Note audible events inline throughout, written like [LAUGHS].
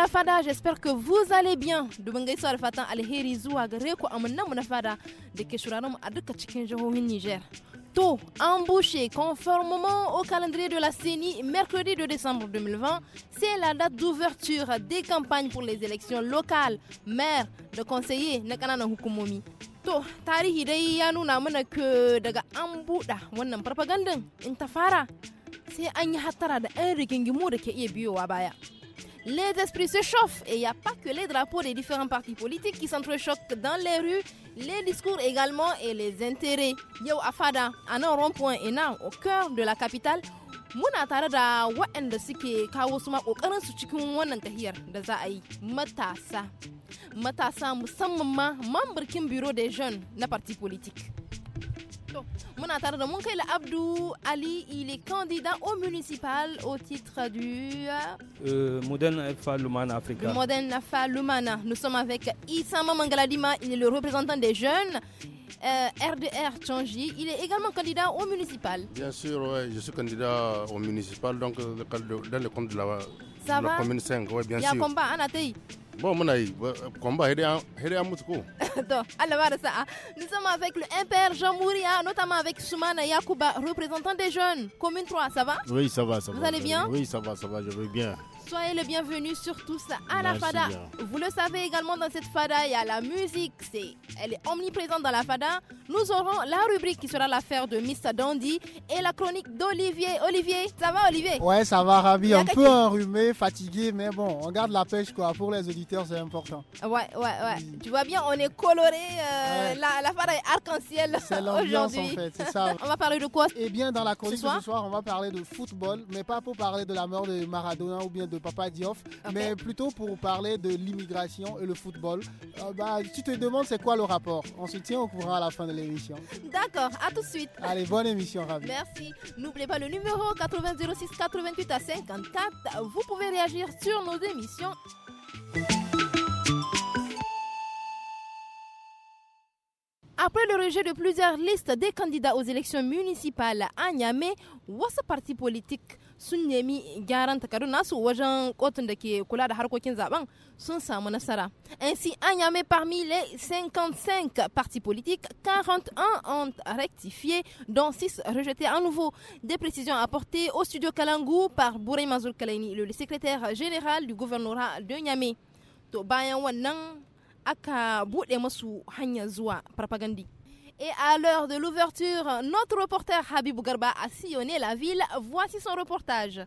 la fada, j'espère que vous allez bien. soir, mun gaisuwa da fatan alheri zuwa gare ku amannan mu na fada da ke shiraran a duka cikin jihohin Niger. To, embauché conformément au calendrier de la CENI, mercredi 2 décembre 2020, c'est la date d'ouverture des campagnes pour les élections locales, maire, de conseillers, na kanana hukumomi. To, tarihi dai ya nuna mana ke daga an buɗa wannan farfagandan in ta fara sai an yi hattara da 'yan rigingimu da ke iya biyowa baya les esprits se chauffent et il n'y a pas que les drapeaux des différents partis politiques qui s'entrechoquent dans les rues, les discours également et les intérêts. Yo Afada, à un rond-point et au cœur de la capitale, muna tare da waɗanda suke kawo su kokarin su cikin wannan tahiyar da za a yi matasa matasa musamman ma bureau des jeunes na parti politique mon Monkel Abdou Ali, il est candidat au municipal au titre du euh, Modène Modern Afa Lumana Africa. Modern Nous sommes avec Issa Mangaladima, il est le représentant des jeunes. RDR euh, Changi, il est également candidat au municipal. Bien sûr, ouais, je suis candidat au municipal, donc dans le compte de la, commune 5, ouais, bien il y a sûr. combat, Bon, mon le combat, à [LAUGHS] ça hein. Nous sommes avec le impère Jean Mouria, hein, notamment avec Soumana Yakuba représentant des jeunes, commune 3, ça va Oui, ça va, ça va. Vous allez bien Oui, ça va, ça va, je vais bien soyez le bienvenu sur tous à la Fada. Vous le savez également, dans cette Fada, il y a la musique. C'est, elle est omniprésente dans la Fada. Nous aurons la rubrique qui sera l'affaire de Miss Dandy et la chronique d'Olivier. Olivier, ça va Olivier Ouais, ça va, Ravi. Un peu enrhumé, fatigué, mais bon, on garde la pêche quoi. Pour les auditeurs, c'est important. Ouais, ouais, ouais. Tu vois bien, on est coloré. Euh, la, Fada est arc-en-ciel l'ambiance En [LAUGHS] fait, c'est ça. [LAUGHS] on va parler de quoi Eh bien, dans la chronique ce soir, on va parler de football, mais pas pour parler de la mort de Maradona ou bien de Papa Dioff, mais plutôt pour parler de l'immigration et le football. Euh, bah, tu te demandes c'est quoi le rapport On se tient au courant à la fin de l'émission. D'accord, à tout de suite. Allez, bonne émission, Ravi. Merci. N'oubliez pas le numéro 806 88 à 54. Vous pouvez réagir sur nos émissions. Après le rejet de plusieurs listes des candidats aux élections municipales à Niamey, où ce parti politique sun nemi gyaran nasu wajen kotun da ke kula da harkokin zaben sun samu nasara. Ainsi, un yamé parmi les 55 partis politiques, 41 ont rectifié, dont 6 rejetés à nouveau. Des précisions apportées au studio Kalangu par Bourey Mazoul le secrétaire général du gouvernorat de Nyame. To bayan wannan aka buɗe masu hanyar zuwa et à l'heure de l'ouverture, notre reporter Habib Garba a sillonné la ville. Voici son reportage.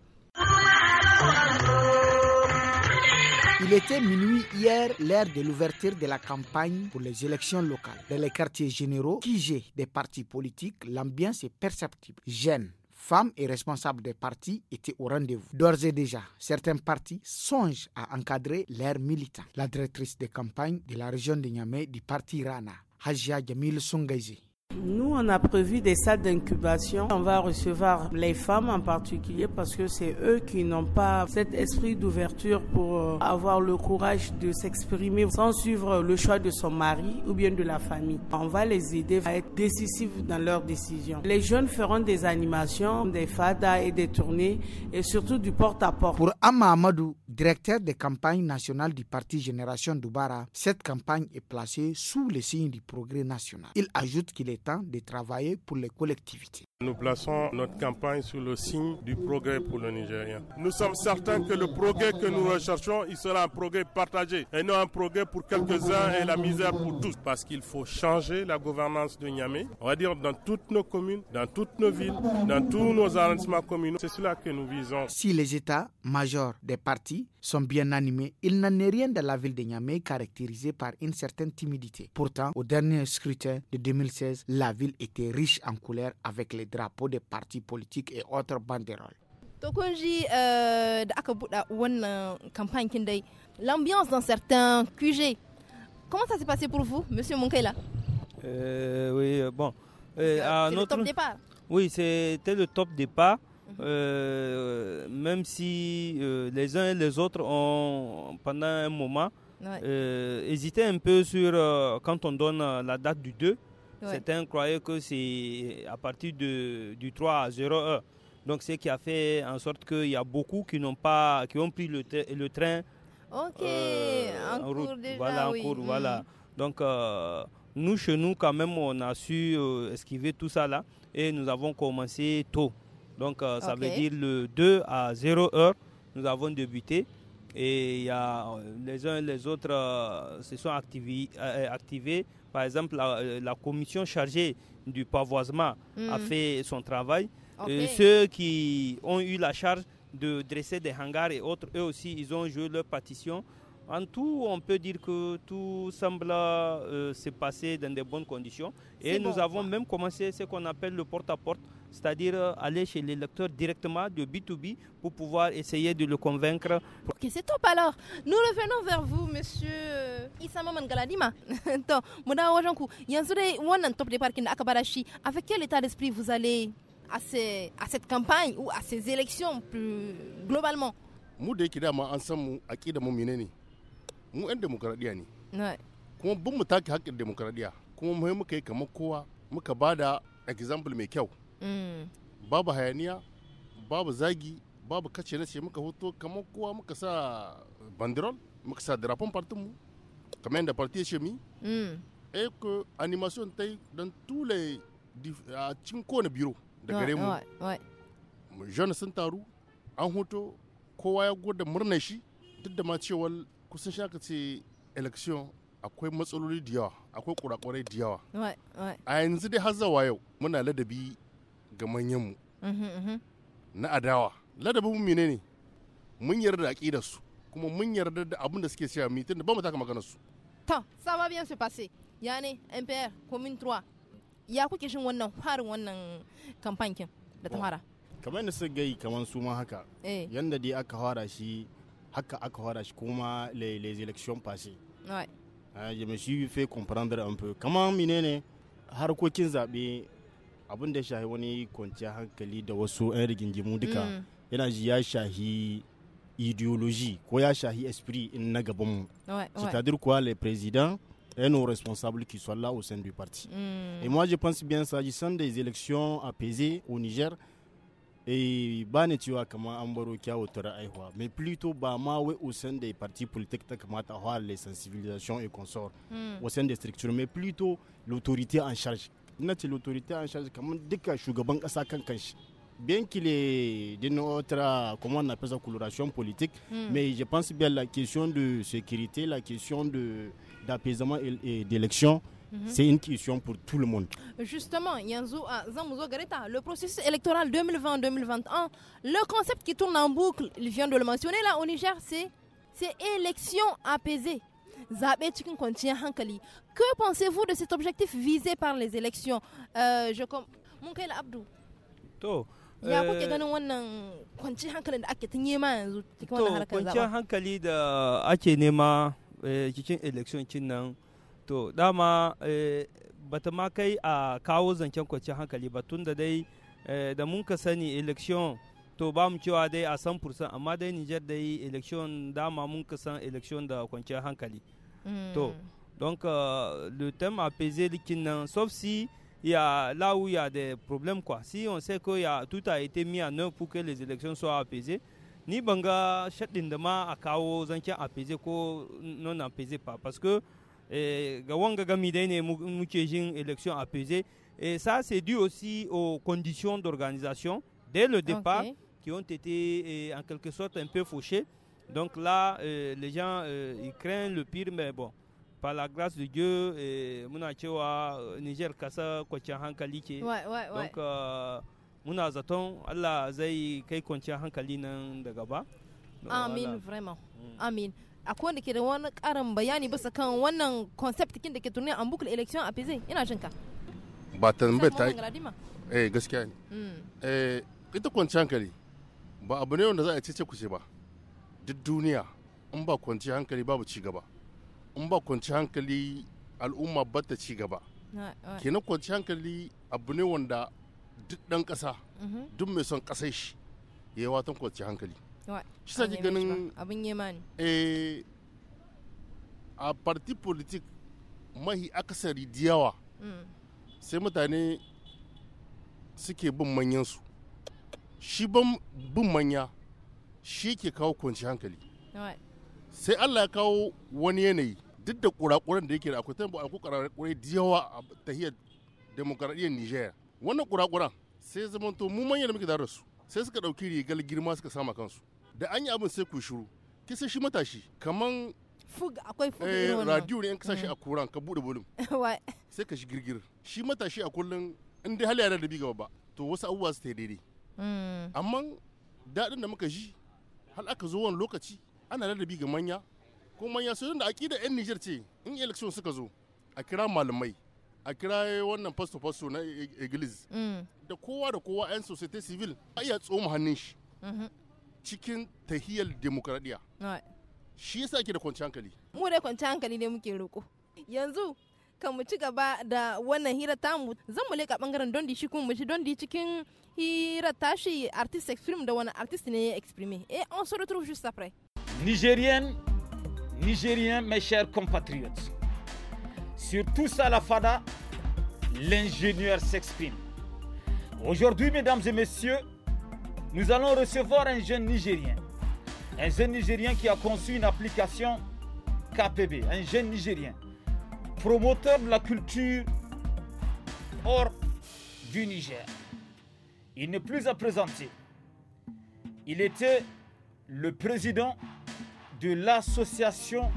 Il était minuit hier, l'heure de l'ouverture de la campagne pour les élections locales. Dans les quartiers généraux, gèrent des partis politiques, l'ambiance est perceptible. Gêne, femmes et responsables des partis étaient au rendez-vous. D'ores et déjà, certains partis songent à encadrer leurs militants. La directrice de campagne de la région de Niamey du parti Rana, hajiya Jamilu sun gaize. Nous, on a prévu des salles d'incubation. On va recevoir les femmes en particulier parce que c'est eux qui n'ont pas cet esprit d'ouverture pour euh, avoir le courage de s'exprimer sans suivre le choix de son mari ou bien de la famille. On va les aider à être décisives dans leurs décisions. Les jeunes feront des animations, des fadas et des tournées et surtout du porte-à-porte. Pour Amma Amadou, directeur des campagnes nationales du parti Génération Doubara, cette campagne est placée sous le signe du progrès national. Il ajoute qu'il est temps de travailler pour les collectivités. Nous plaçons notre campagne sous le signe du progrès pour le Nigérien. Nous sommes certains que le progrès que nous recherchons, il sera un progrès partagé et non un progrès pour quelques-uns et la misère pour tous. Parce qu'il faut changer la gouvernance de Niamey, on va dire dans toutes nos communes, dans toutes nos villes, dans tous nos arrondissements communaux. C'est cela que nous visons. Si les États majors des partis sont bien animés, il n'en est rien de la ville de Niamey caractérisée par une certaine timidité. Pourtant, au dernier scrutin de 2016, la ville était riche en couleurs avec les drapeau des partis politiques et autres banderoles. Eh, l'ambiance dans certains QG, comment ça s'est passé pour vous, Monsieur Monkela eh, Oui, euh, bon. départ. Eh, oui, c'était le top départ. Mhm. même si euh, les uns et les autres ont, pendant un moment, hésité un peu sur euh, quand on donne la date du 2. Certains croyaient que c'est euh, à partir du 3 à 0 heure. Donc, ce qui a fait en sorte qu'il y a beaucoup qui n'ont pas, qui ont pris le, le train. Ok, euh, en, route. voilà, en cours, mhm. voilà. Donc, euh, nous, chez nous, quand même, on a su esquiver tout ça là. Et nous avons commencé tôt. Donc, ça veut dire le 2 à 0 heure, nous avons débuté. Et y a, les uns et les autres se sont activés par exemple, euh, la, commission chargée du pavoisement mm. a fait son travail. Euh, ceux qui ont eu la charge de dresser des hangars et autres, eux aussi, ils ont joué leur partition. En tout, on peut dire que tout semble euh, se passer dans de bonnes conditions. Et nous avons même commencé ce qu'on appelle le porte-à-porte. porte à porte c'est-à-dire euh, aller chez l'électeur directement de B2B pour pouvoir essayer de le convaincre. Ok, c'est top alors. Nous revenons vers vous, monsieur euh, Issa Mangaladima. [LAUGHS] Donc, avec quel état d'esprit vous allez à, à cette campagne ou à ces élections plus globalement Mu da yake dama an san mu aƙida mu menene mu 'yan demokradiyya ne. suis bin mu take haƙƙin je kuma mu muka yi kamar kowa muka bada example mai kyau Mm. babu hayaniya babu zagi babu kace na ce muka hoto kamar kowa muka sa bandirol muka sa drapon partin mu kamar yadda parti ya ce mi mm. E eh, ko animation ta yi don tule a cikin kowane biro da gare mu Jean sun taru an hoto kowa ya gwada murnar shi duk da ma cewa kusan shaka ce election akwai matsaloli da yawa akwai kurakurai da yawa a yanzu dai har zawa yau muna ladabi ga manyanmu na adawa ladabin mene ne mun yarda da su kuma mun yarda da abin da suke cewa mitin da ba mu taka maganar su to ça va bien se passer yani MPR commune 3 ya kuke shin wannan farin wannan kamfankin da ta fara kamar da su gai kamar su ma haka eh. yanda dai aka fara shi haka aka fara shi kuma les les élections passées ouais ah, je me suis fait comprendre un peu kamar menene harkokin zabe abin da shahi wani kwanciyar hankali da wasu 'yan rigingimu duka mm. yana ji ya shahi ideology ko ya shahi esprit in na gaban mu à dire kuwa le président est nos responsables qui sont là au sein du parti. Mm. Et moi, je pense bien, s'agissant des élections apaisées au Niger, et ba ne cewa kamar an baro kyawutar aihuwa mais plutôt ba ma wai au sein des partis politiques ta kamata a ah, les sensibilisations et consorts mm. au sein des structures mais plutôt l'autorité en charge notre l'autorité en charge de dika shugaban kasa bien qu'il est d'une autre, comment on appelle ça, coloration politique, hmm. mais je pense bien la question de sécurité, la question d'apaisement et, d'élection. Mhm. C'est une question pour tout le monde. Justement, Yanzo ah, Gareta, le processus électoral 2020-2021, le concept qui tourne en boucle, il vient de le mentionner là au Niger, c'est élection apaisée. Hankali. Que pensez-vous de cet objectif visé par les élections euh, Je comme Abdou. To. ya kuke ganin wannan kwanci hankalin da ake ta nema yanzu cikin wannan harkar To. kwanciyar hankali da ake nema eh, cikin election kin nan to dama eh, bata ma kai a kawo zancen kwanciyar hankali ba tun da dai eh, da mun ka sani election to ba mu cewa dai a san fursan amma dai nijar dai election dama mun san election da kwanciyar hankali mm. to donc le thème apaisé likin sauf si il y a là où il y a des problèmes si on sait que y a, tout a été mis en œuvre pour que les élections soient apaisées ni banga shaɗin da ma a kawo zancen apaisé ko non apaisé pas parce que eh, ga wanga gami dai ne muke jin élection apaisée et ça c'est dû aussi aux conditions d'organisation dès le départ qui ont été eh, en quelque sorte un peu fauchés. Donc là, eh, les gens eh, ils craignent le pire, mais bon, par la grâce de Dieu, muna cewa Niger kasa kwanciyar hankali Donc mona zaton Allah zai kai kwanciyar hankali nan gaba. Amin, vraiment. Mm. Amin. akwai wanda ke da wani karin bayani bisa kan wannan concept kin da ke en an élection election a ina jin ka ba tambayar ta eh gaskiya ne mm. eh ita kwanci hankali ba abu ne wanda za a ce ce kuce ba duk duniya in ba kwanci hankali babu ci gaba in ba kwanci hankali al'umma ba ta ci gaba kenan kwanci hankali abu ne wanda duk dan kasa mm-hmm. duk mai son kasai shi ya yi watan kwanci hankali shi sa ganin abin yema ne eh, a parti politik mahi akasari diyawa mm. sai mutane suke bin manyansu shi bin manya shi ke kawo kwanci hankali sai allah ya kawo wani yanayi duk da kurakuran da yake da akwai tambo akwai kurakurai da yawa a tahiyar demokaradiyyar niger wannan kurakuran sai to mu manya da muke da su sai suka dauki rigar girma suka sama kansu da an yi abin sai ku shiru kisa shi matashi kaman fug akwai fug eh, radio ne in ka sashi a mm. kuran ka bude bulum [LAUGHS] sai ka shi girgir shi matashi a kullun in dai hali yana da bi gaba ba to wasu abubuwa su ta daidai Mm. amma daɗin da muka ji har aka zo wani lokaci ana ladabi ga manya ko manya su da aƙida 'yan Nijar ce in election suka zo a kira malamai a kira wannan fasto fasto na iglis e-, e-, mm. da kowa da kowa 'yan society civil a iya tsoma hannun shi mm-hmm. cikin tahiyar demokradiyya shi yasa ake da kwanci hankali mu da kwanci hankali ne muke roƙo yanzu et eh, on se retrouve juste après nigérienne nigérien mes chers compatriotes sur tout ça la fada l'ingénieur s'exprime aujourd'hui mesdames et messieurs nous allons recevoir un jeune nigérien un jeune nigérien qui a conçu une application KPB un jeune nigérien promoteur de la culture hors du Niger. Il n'est plus à présenter. Il était le président de l'association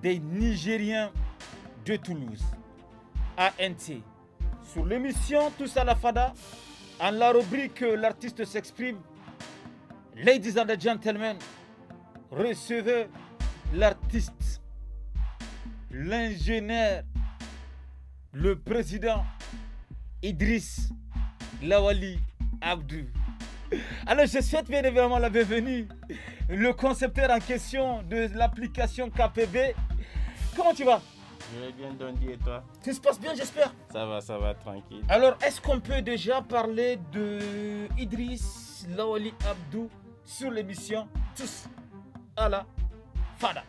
des Nigériens de Toulouse, ANT. Sur l'émission Tous à la Fada, en la rubrique L'artiste s'exprime, Ladies and Gentlemen, recevez l'artiste l'ingénieur, le président Idriss Lawali Abdou. Alors je souhaite bien évidemment la bienvenue, le concepteur en question de l'application KPB. Comment tu vas Je vais bien, Dondi, et toi Tout se passe bien, j'espère Ça va, ça va, tranquille. Alors, est-ce qu'on peut déjà parler de Idriss Lawali Abdou sur l'émission Tous à la Fada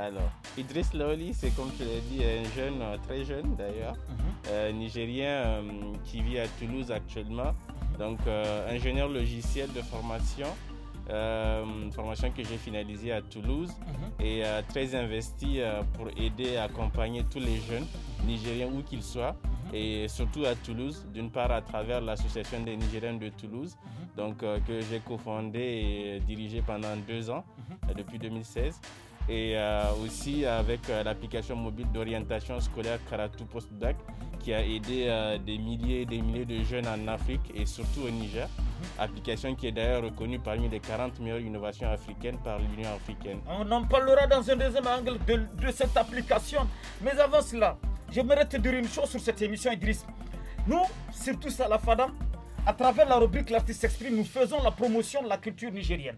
alors, Idriss Loli, c'est comme tu l'as dit, un jeune, euh, très jeune d'ailleurs, mhm. euh, nigérien euh, qui vit à Toulouse actuellement. Mhm. Donc, ingénieur logiciel de formation, formation que j'ai finalisée à Toulouse mhm. et très investi pour aider, et accompagner tous les jeunes nigériens où qu'ils soient et surtout à Toulouse, d'une part à travers l'association des Nigériens de Toulouse, donc que j'ai cofondé et dirigé pendant deux ans, depuis 2016 et euh, aussi avec euh, l'application mobile d'orientation scolaire Karatu Postbac qui a aidé euh, des milliers et des milliers de jeunes en Afrique et surtout au Niger. Mhm. Application qui est d'ailleurs reconnue parmi les 40 meilleures innovations africaines par l'Union africaine. On en parlera dans un deuxième angle de, cette application. Mais avant cela, j'aimerais te dire une chose sur cette émission, Idriss. Nous, surtout Salafadam, à travers la rubrique L'artiste s'exprime, nous faisons la promotion de la culture nigérienne.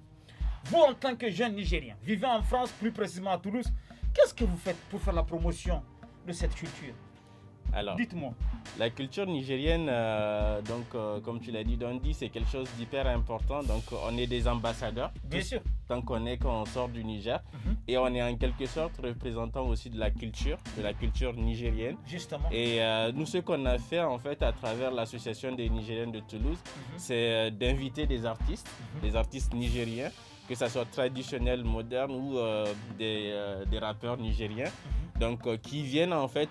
Vous, en tant que jeune Nigérien, vivant en France, plus précisément à Toulouse, qu'est-ce que vous faites pour faire la promotion de cette culture alors, dites-moi. La culture nigérienne, euh, donc, euh, comme tu l'as dit, Dondi, c'est quelque chose d'hyper important. Donc, on est des ambassadeurs. Bien sûr. Tant qu'on est, qu'on sort du Niger. Mhm. Et on est en quelque sorte représentant aussi de la culture, de la culture nigérienne. Justement. Et euh, nous, ce qu'on a fait, en fait, à travers l'association des Nigériens de Toulouse, mhm. c'est d'inviter des artistes, mhm. des artistes nigériens que ce soit traditionnel, moderne ou euh, des, euh, des, rappeurs nigériens, mhm. donc euh, qui viennent en fait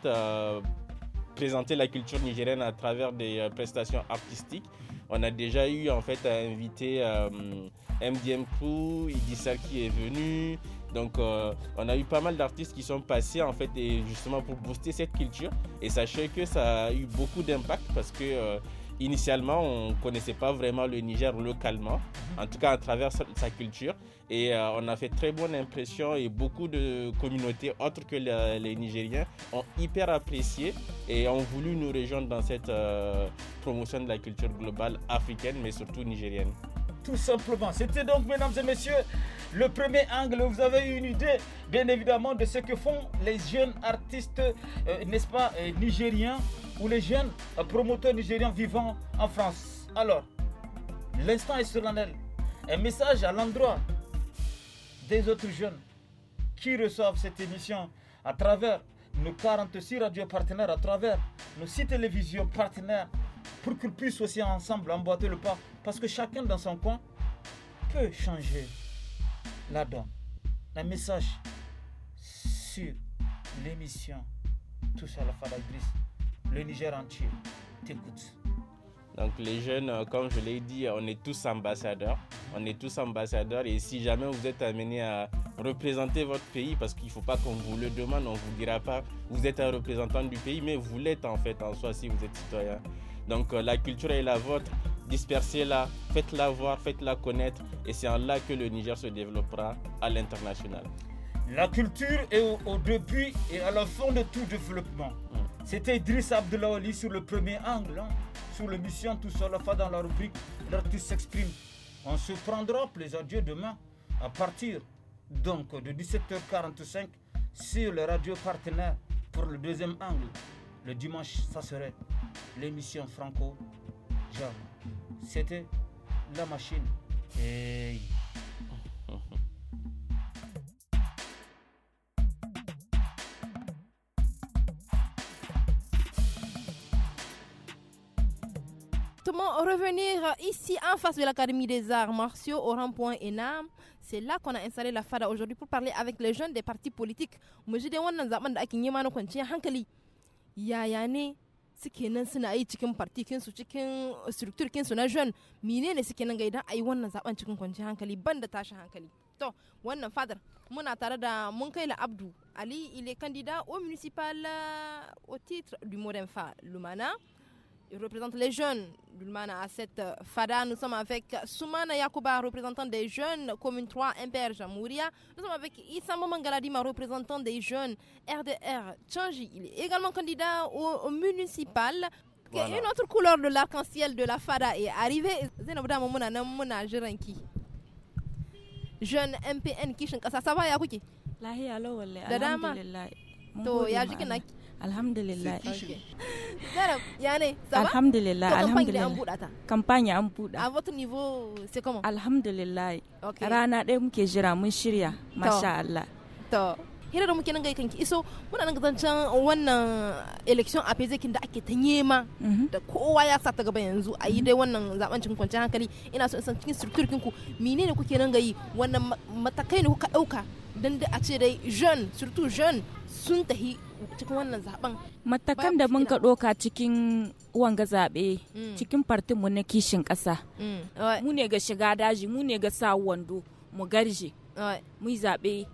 présenter la culture nigérienne à travers des prestations artistiques. Mhm. On a déjà eu en fait à inviter MDM Crew, qui est venu. Donc on a eu pas mal d'artistes qui sont passés en fait et justement pour booster cette culture. Et sachez que ça a eu beaucoup d'impact parce que Initialement, on ne connaissait pas vraiment le Niger localement, en tout cas à travers sa culture. Et euh, on a fait très bonne impression et beaucoup de communautés autres que les, Nigériens ont hyper apprécié et ont voulu nous rejoindre dans cette euh, promotion de la culture globale africaine, mais surtout nigérienne tout simplement. C'était donc, mesdames et messieurs, le premier angle. Vous avez une idée, bien évidemment, de ce que font les jeunes artistes, euh, n'est-ce pas, euh, nigériens ou les jeunes euh, promoteurs nigériens vivant en France. Alors, l'instant est solennel. Un message à l'endroit des autres jeunes qui reçoivent cette émission à travers nos 46 radios partenaires, à travers nos 6 télévisions partenaires, pour qu'ils puissent aussi ensemble emboîter le pas. Parce que chacun dans son coin peut changer la donne. Le message sur l'émission touche à la Fada le Niger entier t'écoute. Donc les jeunes, euh, comme je l'ai dit, on est tous ambassadeurs. On est tous ambassadeurs et si jamais vous êtes amenés à représenter votre pays, parce qu'il ne faut pas qu'on vous le demande, on ne vous dira pas, vous êtes un représentant du pays, mais vous l'êtes en fait en soi si vous êtes citoyen. Donc euh, la culture est la vôtre, dispersez-la, faites-la voir, faites-la connaître et c'est en là que le Niger se développera à l'international. La culture est au, début et à la fin de tout développement. Mm. C'était Idriss Abdelawali sur le premier angle, hein. sur sur l'émission Tout seul dans la rubrique L'artiste s'exprime. On se prendra plaisir Dieu demain à partir donc de 17h45 sur le Radio partenaire pour le deuxième angle. Le dimanche, ça serait l'émission Franco. Genre, c'était la machine. Hey. revenir ici en face de l'Académie des arts martiaux au rond-point ENAM. C'est là qu'on a installé la FADA aujourd'hui pour parler avec les jeunes des partis politiques. yaya ne suke nan suna yi cikin partikinsu cikin uh, strukturkinsu na jean mine ne suke nan ga idan a yi wannan zaben cikin kwanci hankali ban da tashi hankali to wannan fadar muna tare da mun kai la abdu ali ile kandida candidat au municipal uh, au titre du modem fa lumana Il représente les jeunes d'Ulmana à cette euh, FADA. Nous sommes avec Soumana Yakuba, représentant des jeunes, Commune 3, MPR Jamouria. Nous sommes avec Issamo Mangaladima, représentant des jeunes, RDR Tchangi. Il est également candidat au, municipal. Une autre couleur de l'arc-en-ciel de la FADA est arrivée. Jeune MPN ça va Yakuki? To, alhamdulillah [LAUGHS] alhamdulillah alhamdulillah kampanya an buɗa a votre niveau c'est comment alhamdulillah rana ɗaya muke jira mun shirya masha Allah to hira da muke nan gai kanki iso muna nan zancen wannan election a fezekin da ake ta nema mhm. da kowa ya sa ta gaba yanzu a yi mhm. dai wannan zaben cin kwanciyar hankali ina so in san cikin structure ku menene kuke nan gai wannan matakai ne kuka dauka don da a ce dai jeune surtout jeune sun tahi cikin wannan zaben matakan da mun ka doka cikin wanga zaɓe mm. cikin mu na kishin kasa. Mm. mu ne ga shiga daji mu ne ga sa wando mu garje mu zabe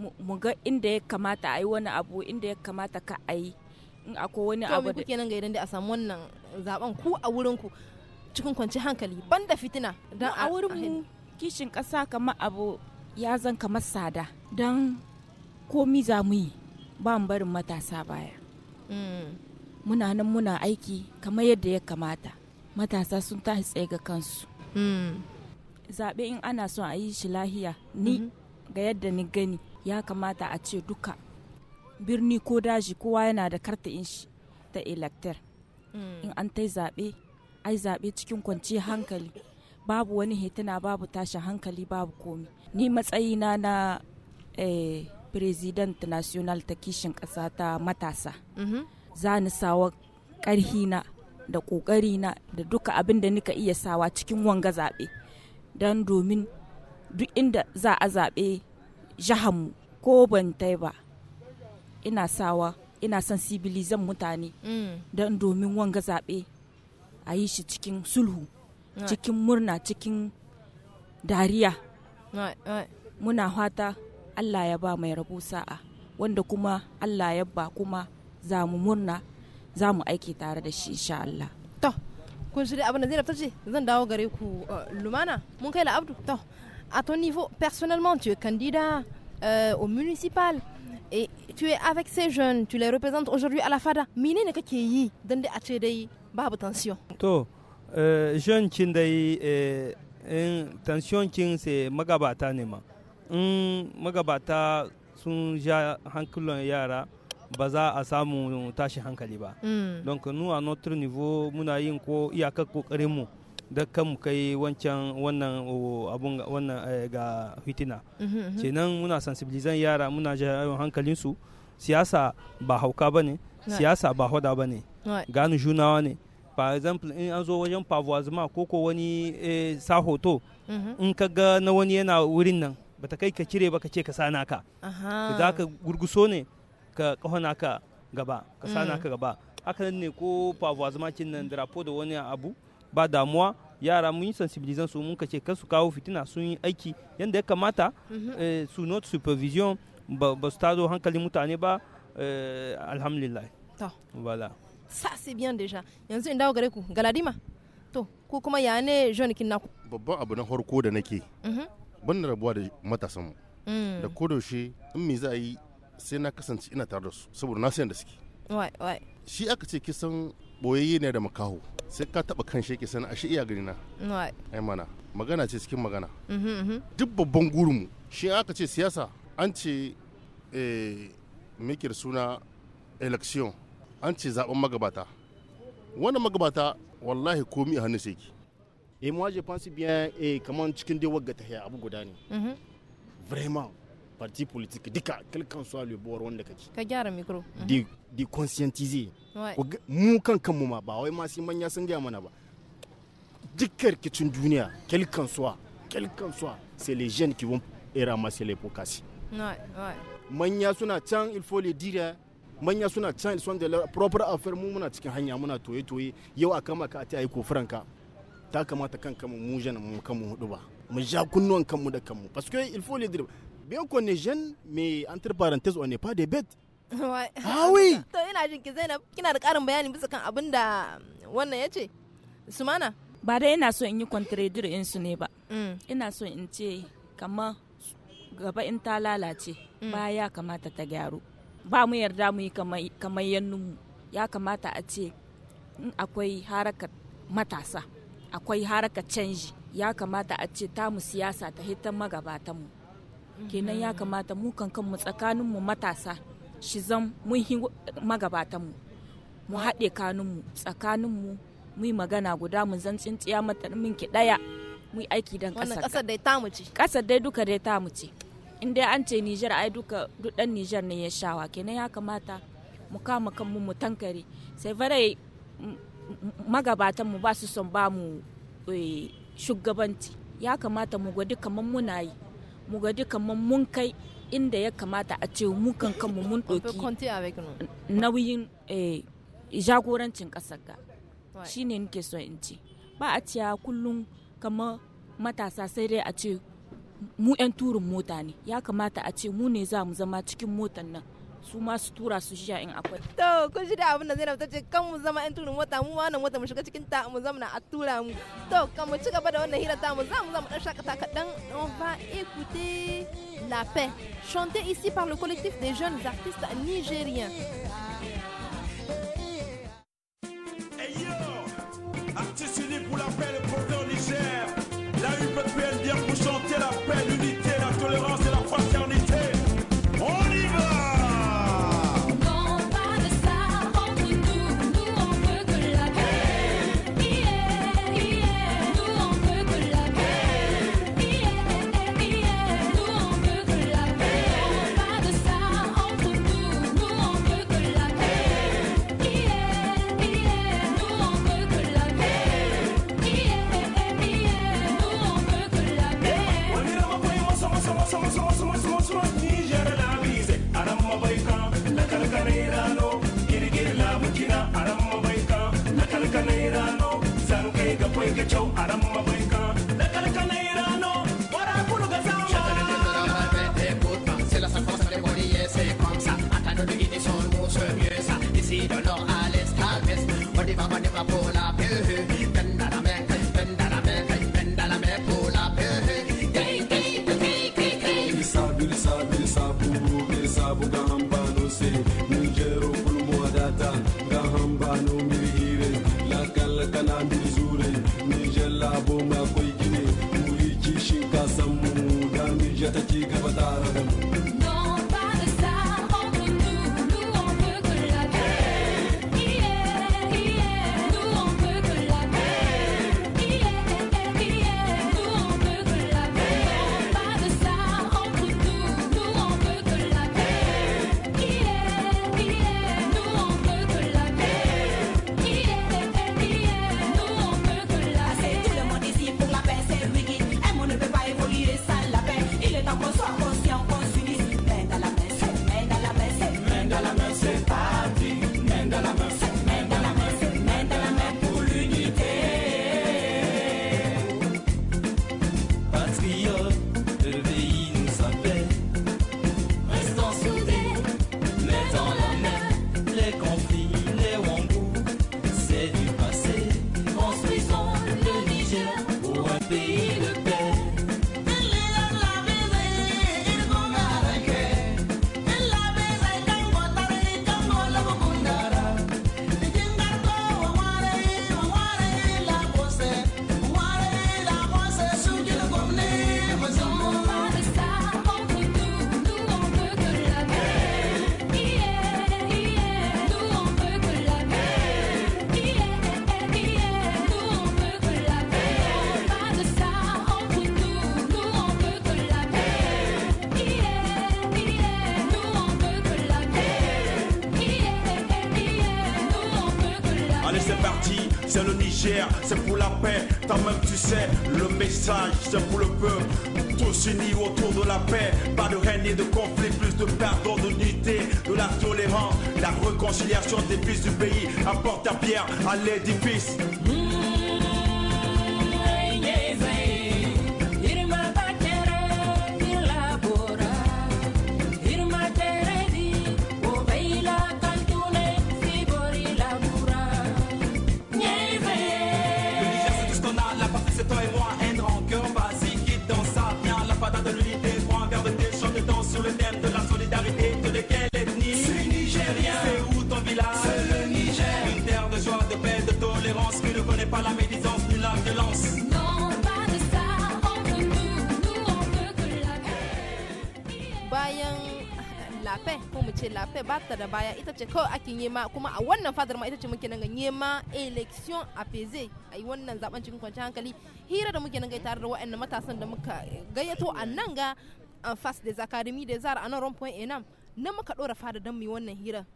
mu ga inda ya kamata ai wani abu inda ya kamata ka a in akwai wani abu da kenan ga idan da a samu wannan zaben ku a wurin ku cikin kwanci hankali banda fitina dan a wurin mu kishin kasa kamar abu ya zan kamar sada don komi za mu yi ba mu barin matasa baya mm. muna nan muna aiki kamar yadda ya kamata matasa sun tashi tsaye ga kansu mm. zaɓe in ana son a yi shi lahiya ni mm-hmm. ga yadda ni gani ya kamata a ce duka birni ko daji kowa yana da karta in shi ta elektar mm. in an ta zaɓe ai zaɓe cikin kwanciyar hankali babu wani hetuna babu tashin hankali babu komi ni matsayi na eh, president national ta kishin ƙasa ta matasa mm -hmm. za ni sawa na da ƙoƙarina da duka abin da nika iya sawa cikin wanga zaɓe don domin duk inda za a zaɓe jihanmu ko ban ba ina sawa ina son sibilizan mutane mm. don domin wanga zaɓe a yi shi cikin sulhu cikin murna cikin dariya muna fata allah ya ba mai rabu sa'a wanda kuma allah ya ba kuma za mu murna za mu aiki tare da shi insha allah to kun shirya abin da zainab ce zan dawo gare ku uh, lumana mun kai la abdu to à ton niveau personnellement tu es candidat euh, au municipal et tu es avec ces jeunes tu les représentes aujourd'hui à la fada mine ne kake yi dan dai a ce dai babu tension to Eh, jeune kin dai eh, in tension kin sai magabata ne ma in magabata sun ja hankulan yara ba za a samu tashi hankali ba mm. don nu a notre niveau muna yin ko iyaka kokarin mu da kanmu kai wancan wannan abun wannan eh, ga fitina mhm, mhm. kenan muna sensibilizan yara muna ja hankalin su siyasa ba hauka bane siyasa ba hoda bane ne junawa ne for example in an zo wajen pavoisement ko ko wani eh, sa hoto mhm. in ka ga na wani yana wurin nan bata kai ka cire ba ka ce ka sa naka za ka gurguso ne ka kaho naka gaba ka sa mm. naka gaba haka nan ne ko pavoisement kin nan drapeau da wani abu ba damuwa yara mun yi sensibilizan su mun ka ce su kawo fitina sun yi aiki yadda ya kamata mhm. eh, su not supervision ba su tado hankalin mutane ba eh, alhamdulillah sa c'est biyan deja yanzu in gare ku galadima to ko kuma ya ne kin naku babban abu na farko da nake mhm. ban rabuwa da matasan mu mm. da shi in me za a yi sai na kasance ina tare da su saboda na sayan da suke shi aka ce kisan boyayye ne da makaho sai ka taba kan shi kisan ashe iya gari na ai mana magana ce cikin magana mhm, mhm. duk babban gurinmu shi aka ce siyasa an ce eh, mekir suna election an ce zaben magabata wannan magabata wallahi komi a hannun sai et eh, moi je pense bien et eh, comment cikin dai wagga ta abu guda ne mhm. vraiment parti politique duka kalkan soit le bord wanda kake ka gyara micro mhm. di di conscientiser mu kan kanmu ma ba wai ma sai manya sun gaya mana ba dukkan rikicin duniya kalkan soit kalkan soit c'est les jeunes qui vont ramasser les pots cassés manya suna can il faut le dire manya suna can son da proper affair mu muna cikin hanya muna toye toye yau a kama ka a ta yi kofuran ka ta kamata kan kanmu mu jan mu kanmu hudu ba mu ja kunnuwan kanmu da kanmu parce que il faut le dire bien qu'on est jeune mais entre parenthèses on n'est pas des bêtes [LAUGHS] ah oui [LAUGHS] to ina jin ki Zainab kina da karin bayani bisa kan abinda da wannan yace Sumana ba dai ina so in yi contradict in su ne ba mm. ina so in ce kamar gaba in ta lalace mm. baya kamata ta gyaru ba mu yarda mu yi kamar yannunmu ya kamata a ce in akwai harakar matasa akwai harakar canji ya kamata a ce mu siyasa ta hitan magabatanmu kenan ya mm-hmm. kamata mu kanmu tsakaninmu matasa shi zan mun yi magabatanmu mu haɗe kanunmu tsakaninmu mu yi magana guda mu zan tsintsiya mata minki ɗaya mu yi aiki don ƙasar. ƙasar dai tamu ce. Ƙasar dai duka dai tamu ce. in dai an ce Nijar ai duka duk dan Nijar ne ya shawa kenan ya kamata mu kama kanmu mu tankare sai farai magabatan mu ba su son ba mu eh, shugabanci ya kamata mu gwadi kamar muna yi mu gwadi kamar mun kai inda ya kamata a ce mu kan kanmu mun ɗauki nauyin eh, jagorancin ƙasar ga shine nake so in ce ba a ciya kullum kamar matasa sai dai a ce mu 'yan turin mota ne ya kamata a ce mu ne za mu zama cikin motan nan su ma su tura su jiya in akwai. To kun shi da abin da Zainab ta ce kan mu zama yan turin mota mu wannan mota mu shiga cikin ta mu zama a tura mu. To kan mu ci gaba da wannan hira ta mu za mu zama dan shakata kadan on va écouter la paix chantée ici par le collectif des jeunes artistes nigériens. ga ta ci gaba tare da c'est pour la paix. Toi-même, tu sais, le message, c'est pour le peuple. Tous unis autour de la paix, pas de règne et de conflit, plus de pardon, d'unité, de la tolérance, la réconciliation des fils du pays. Apporte ta pierre à l'édifice. Mmh. lafe ko mu ce lafe ba ta da baya ita ce kawai ake nema kuma a wannan fadar ma ita ce muke nan nema election a feze a yi wannan zaben cikin kwanci hankali hira da muke nan gai tare da wa'anda matasan da muka gayyato a nan ga en uh, face zakarimi da zara a nan rompon enam nan muka dora fada don mu wannan hira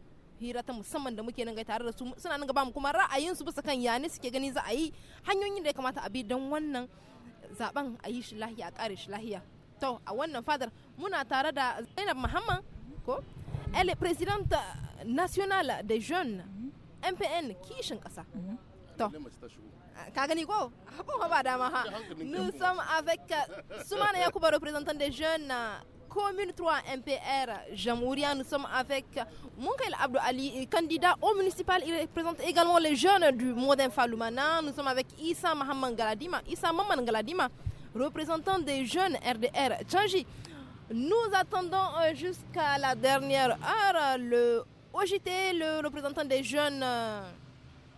hira ta musamman da muke nan gai tare da su suna nan gaba mu kuma ra'ayin su bisa kan ya ne suke gani za a yi hanyoyin da ya kamata a bi don wannan zaben a yi shi lahiya a kare shi lahiya to a wannan fadar muna tare da Zainab Muhammad ko el est national nationale des jeunes MPN kishin kasa to ka gani ko abun ba dama ha nous sommes avec Soumane Yakuba représentant des jeunes commune 3 MPR Jamouria. Nous sommes avec Moukhaïl Abdou Ali, candidat au municipal. Il représente également les jeunes du Modem Faloumana. Nous sommes avec Issa Mohamed Galadima, Issa Galadima, représentant des jeunes RDR Tchangi. Nous attendons euh, jusqu'à la dernière heure euh, le OJT, le représentant des jeunes. Euh,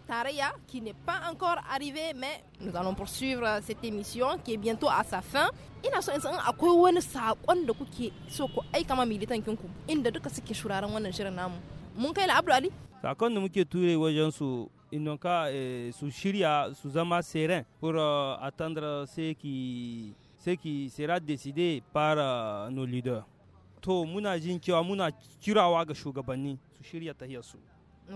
Taraya, qui n'est pas encore arrivé, mais nous allons poursuivre cette émission qui est bientôt à sa fin. Ina so in san akwai wani saƙon da kuke so ku aika ma militankin ku inda duka suke shuraren wannan shirin namu. Mun kai Abdu Ali? Saƙon da muke ture wajen su inonka eh, su shirya su zama seren pour eh, attendre ce qui ce qui sera décidé par eh, nos leaders. To muna jin cewa muna kirawa ga shugabanni su shirya tahiyarsu. su.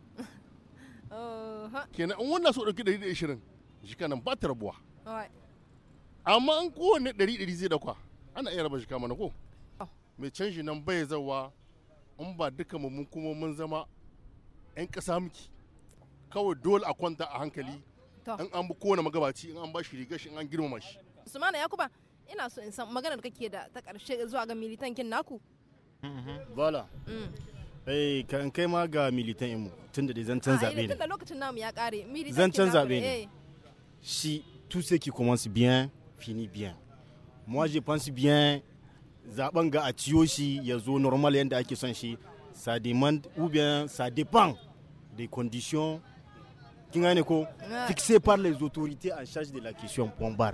kenan in wannan so ɗauki 120 jika nan ba ta rabuwa amma an kowanne 100 zai dakwa ana iya raba jika mana ko oh. mai canji nan bai zawa in ba duka mun kuma mun zama 'yan ƙasa muke kawai dole a kwanta a hankali in an bi kowane magabaci in an ba shi rigar shi in an girmama shi usmana yakuba ina so in san maganar kake da ta ƙarshe zuwa ga militankin naku bala mm. eh kan kai ma ga militan mu tun da zancen zabe eh, ne tun da lokacin namu ya kare zancen zabe ne eh. shi tout ce qui commence bien finit bien moi je pense bien zaben ga a ciyo shi ya zo normal yadda ake son shi ça demande ou bien ça dépend des conditions kin gane ko fixées par les autorités en charge de la question bombar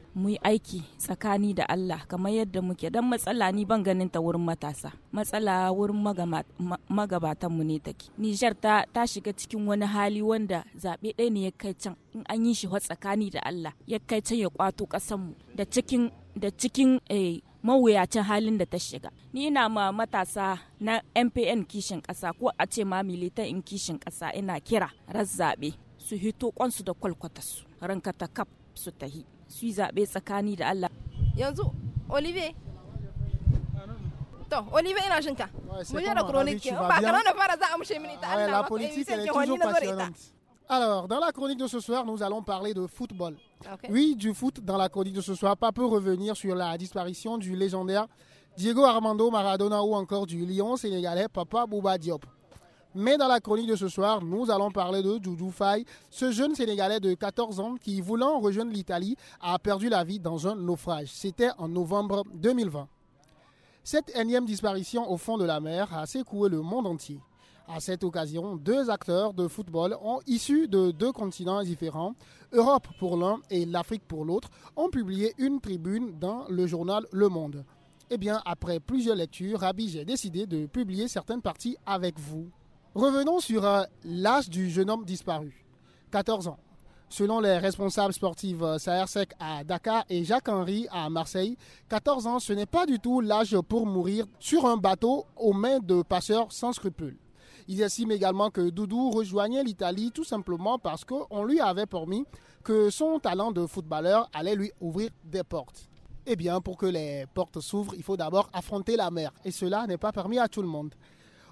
mu yi aiki tsakani da Allah kamar yadda muke don matsala ni ban ganin ta wurin matasa matsala wurin magabatan mu ne take Nijar ta ta shiga cikin wani hali wanda zaɓe ɗaya ne ya kai can in an yi shi tsakani da Allah ya kai can ya kwato ƙasar mu da cikin da cikin eh, mawuyacin halin da ta shiga ni ina ma matasa na MPN kishin ƙasa ko a ce ma militan in kishin ƙasa ina kira razzaɓe su hito kwansu da kwalkwatarsu ranka ta kaf su tahi Suiza, Olivier Olivier La politique est toujours Alors, dans la chronique de ce soir, nous allons parler de football. Oui, du foot dans la chronique de ce soir. Pas peu revenir sur la disparition du légendaire Diego Armando Maradona ou encore du lion sénégalais Papa Bouba Diop. Mais dans la chronique de ce soir, nous allons parler de Doudou Faye, ce jeune Sénégalais de 14 ans qui, voulant rejoindre l'Italie, a perdu la vie dans un naufrage. C'était en novembre 2020. Cette énième disparition au fond de la mer a secoué le monde entier. À cette occasion, deux acteurs de football ont, issus de deux continents différents, Europe pour l'un et l'Afrique pour l'autre, ont publié une tribune dans le journal Le Monde. Eh bien, après plusieurs lectures, Rabi, j'ai décidé de publier certaines parties avec vous. Revenons sur euh, l'âge du jeune homme disparu, 14 ans. Selon les responsables sportifs euh, sec à Dakar et Jacques Henry à Marseille, 14 ans, ce n'est pas du tout l'âge pour mourir sur un bateau aux mains de passeurs sans scrupules. Ils estiment également que Doudou rejoignait l'Italie tout simplement parce qu'on lui avait promis que son talent de footballeur allait lui ouvrir des portes. Eh bien, pour que les portes s'ouvrent, il faut d'abord affronter la mer. Et cela n'est pas permis à tout le monde.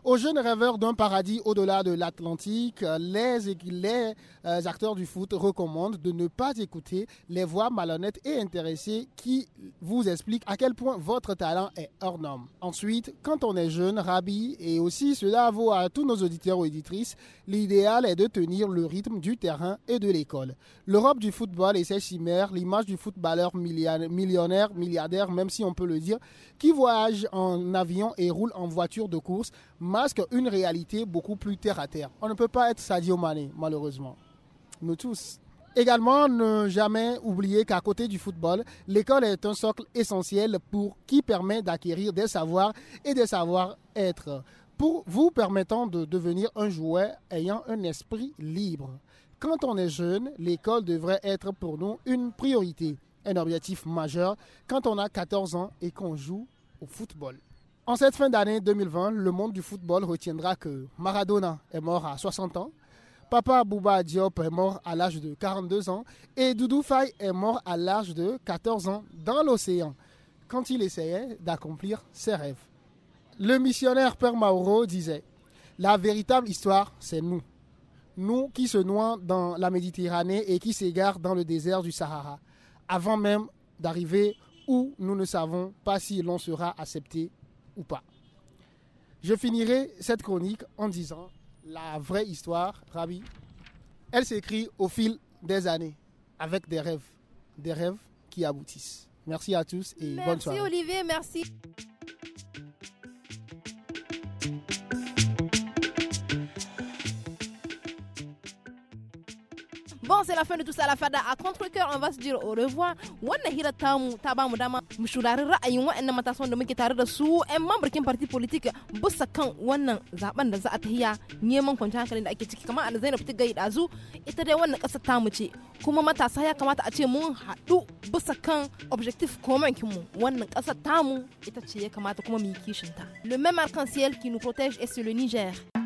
Aux jeunes rêveurs d'un paradis au-delà de l'Atlantique, les, les euh, acteurs du foot recommandent de ne pas écouter les voix malhonnêtes et intéressées qui vous expliquent à quel point votre talent est hors norme. Ensuite, quand on est jeune, Rabbi, et aussi cela vaut à tous nos auditeurs et auditrices, l'idéal est de tenir le rythme du terrain et de l'école. L'Europe du football et ses chimères, l'image du footballeur millionnaire, milliardaire, même si on peut le dire, qui voyage en avion et roule en voiture de course, masque une réalité beaucoup plus terre à terre. On ne peut pas être Sadio malheureusement. Nous tous. Également, ne jamais oublier qu'à côté du football, l'école est un socle essentiel pour qui permet d'acquérir des savoirs et des savoir-être, pour vous permettant de devenir un joueur ayant un esprit libre. Quand on est jeune, l'école devrait être pour nous une priorité, un objectif majeur quand on a 14 ans et qu'on joue au football. En cette fin d'année 2020, le monde du football retiendra que Maradona est mort à 60 ans, Papa Bouba Diop est mort à l'âge de 42 ans et Doudou Faye est mort à l'âge de 14 ans dans l'océan quand il essayait d'accomplir ses rêves. Le missionnaire Père Mauro disait La véritable histoire, c'est nous. Nous qui se noient dans la Méditerranée et qui s'égarent dans le désert du Sahara, avant même d'arriver où nous ne savons pas si l'on sera accepté pas. Je finirai cette chronique en disant la vraie histoire, Rabi, elle s'écrit au fil des années, avec des rêves, des rêves qui aboutissent. Merci à tous et bonne soirée. Merci Olivier, merci. Bon, c'est la fin de tout ça, la fada. À contre-coeur, on va se dire au revoir. Wannan hira ta mu ta ba mu dama mu shurari ra'ayin waɗannan matasan da muke tare da su ƴan mambarkin parti politique bisa kan wannan zaben da za a tahiya man kwanciyar hankalin da ake ciki kamar alzaina fiti gai dazu ita dai wannan ƙasar tamu mu ce kuma matasa ya kamata a ce mun haɗu bisa kan objectif commun mu wannan ƙasar tamu ita ce ya kamata kuma mu yi Le même arc-en-ciel qui nous protège est sur le Niger.